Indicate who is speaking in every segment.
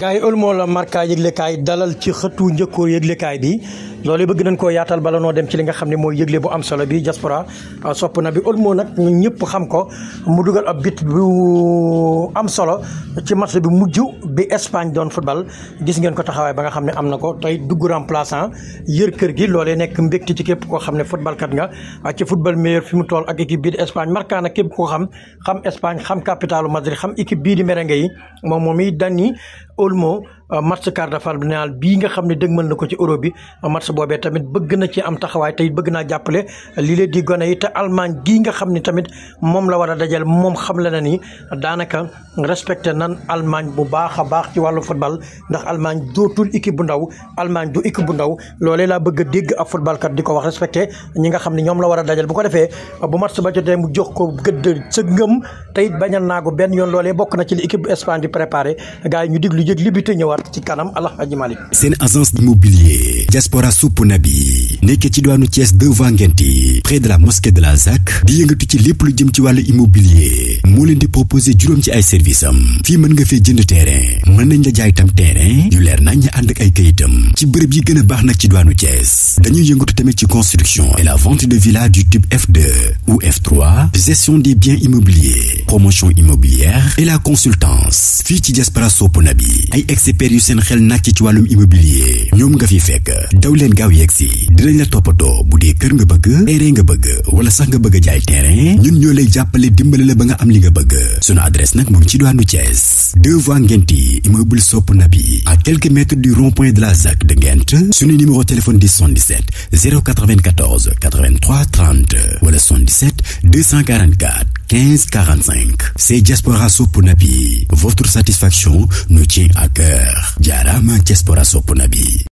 Speaker 1: gaay yi ël moo la marka yëglekaay dalal ci xëtu njëkkoo lekkaay bi loolu bëgg nañ koo yaatal bala noo dem ci li nga xam ne mooy yëgle bu am solo bi a ah, sopp na bi Olmo nag ñun xam ko mu dugal a bit bu am solo ci match bi mujj bi Espagne doon football gis ngeen ko taxawaay ba nga xam ne am na ko tey dugg remplaçant yër kër gi loole nekk mbégte ci képp koo xam ne football kat nga a ah, ci football meilleur fi mu toll ak équipe bii di Espagne marqué na képp koo xam xam Espagne xam capitalu Madrid xam équipe bii di merengue moom moom i Dani Olmo Euh, match quart bi finale bii nga xam ne dëgmal na ko ci Europe bi euh, match boobee tamit bëgg na ci am taxawaay te it bëgg naa jàppale lii la di gone yi te Allemagne gii nga xam ni tamit moom la war a dajal moom xam la na ni daanaka respecté nan Allemagne bu baax a baax ci wàllu football ndax Allemagne dootul équipe bu ndaw Allemagne du équipe bu ndaw loolee laa bëgg a dégg ak football kat di ko wax respecté ñi nga xam ne ñoom la war a dajal bu ko defee euh, bu match ba jox ko gëdd sa ngëm te it bañal benn yoon loolee bokk na ci li équipe bu Espagne di préparé gars yi ñu diglu delluwaat ci kanam Alhaji Malick
Speaker 2: seen agence immobilier diaspora suppuna bi nekkee ci diwaanu Thiès devant Ngenti près de la mosquée de la ZAC di yëngatu ci lépp lu jëm ci wàllu immobilier moo leen di proposer juróom ci ay services am fii mën nga fee jënd terrain mën nañ la jaay tam terrain yu leer nañ ñu ànd ak ay kayitam ci bërëb yi gën a baax nag ci diwaanu Thiès dañuy yëngatu tamit ci construction et la vente de villa du type F2 ou f gestion des biens immobiliers promotion immobilière et la consultance fii ci Diaspora Soppna bi ay experts yu seen xel nag ci wàllum immobilier ñoom nga fi fekk daw leen gaaw yegg si dinañ la toppatoo bu dee kër nga bëgg terrain nga bëgg wala sax nga bëgg a jaay terrain ñun ñoo lay jàppale dimbali la ba nga am li nga bëgg sunu adresse nag mu ngi ci doonu Thiès deux voies Ngenti immeuble Soppna bi yi quelques mètres du rond-point de la ZAC de Ngent sunu numéro téléphone di 77 094 83 30 wala 77 244 15 45. C'est Diaspora Soap Nabi. Votre satisfaction nous tient à cœur. Diarama Diaspora na bi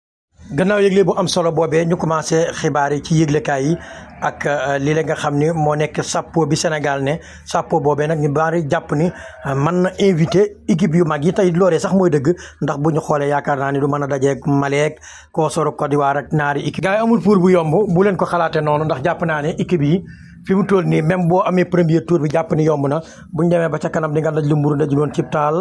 Speaker 1: gannaaw yëgle bu am solo boobee ñu commencé xibaar yi ci yëglekaay yi ak euh, li la nga xam ni moo nekk sappo bi Sénégal ne sappo boobee nag ñu bari jàpp ni euh, mën na invité équipe yu mag yi tey loolee sax mooy dëgg ndax bu ñu xoolee yaakaar naa ni lu mën a dajeek Maleek Kosoor Côte d'Ivoire ak naari équipe. gars yi amul pour bu yomb bu leen ko xalaatee noonu ndax jàpp naa ne équipe yi. fi mu toll nii même boo amee premier tour bi jàpp ni yomb na bu ñu demee ba ca kanam di nga daj lu mburu daju loon cib taal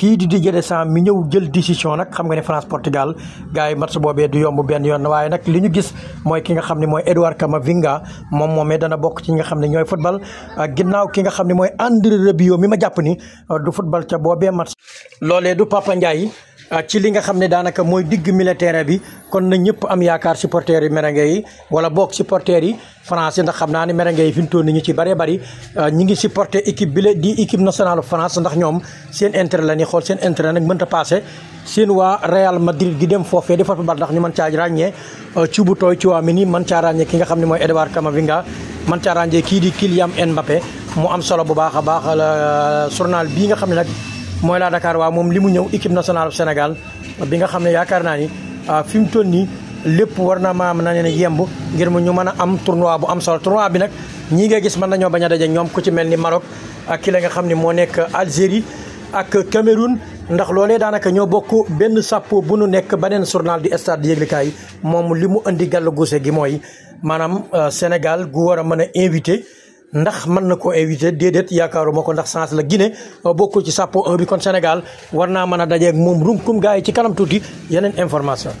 Speaker 1: kii di Didier Deschamps mi ñëw jël décision nag xam nga ne France Portugal gars yi match boobee du yomb benn yoon waaye nag li ñu gis mooy ki nga xam ne mooy Edouard Camavinga moom moomee dana bokk ci nga xam ne ñooy football ginnaaw ki nga xam ne mooy André Rabiot mi ma jàpp ni du football ca boobee match loolee du Papa Ndiaye Ah, ci li nga xam ne daanaka mooy digg militaire bi kon na ñëpp am yaakaar supporters yi merengue yi wala boog supporters yi France ndax xam naa ne merengue yi fi mu toll nii ñu ci bëree bari ah, ñi ngi supporter équipe bi la di équipe nationale France ndax ñoom seen intérêt la ni xool seen intérêt nag mënta passé seen waa Real Madrid gi dem foofee di fa ndax ñu mën caa ràññee ah, ci bu tooy ci waa mi ni mën caa ràññee ki nga xam ne mooy Edouard Camavinga mën caa ràññee kii di Kylian Mbappé mu am solo bu baax a baax journal bii nga xam ne nag mooy laa Dakar waaw moom li mu ñëw équipe nationale Sénégal bi nga xam ne yaakaar naa ni euh, fi mu toll nii lépp war na maam na ne yemb ngir mu ñu mën a am tournoi bu am solo tournoi bi nag ñii nga gis mën nañoo bañ a daje ñoom ku ci mel ni Maroc ak ki nga xam ne moo nekk Algérie ak Cameroun ndax loole daanaka ñoo bokk benn sàppo bu nu nekk beneen journal di stade di yëglikaay moom li mu indi gàll guuse gi mooy maanaam euh, Sénégal gu war a mën a invité ndax mën na koo éviter déedéet yaakaaruma ko ndax chance la Guinée euh, bokkul ci sàppo 1 kon Sénégal war naa mën a dajeeg moom runkum gars yi ci kanam tuuti yeneen information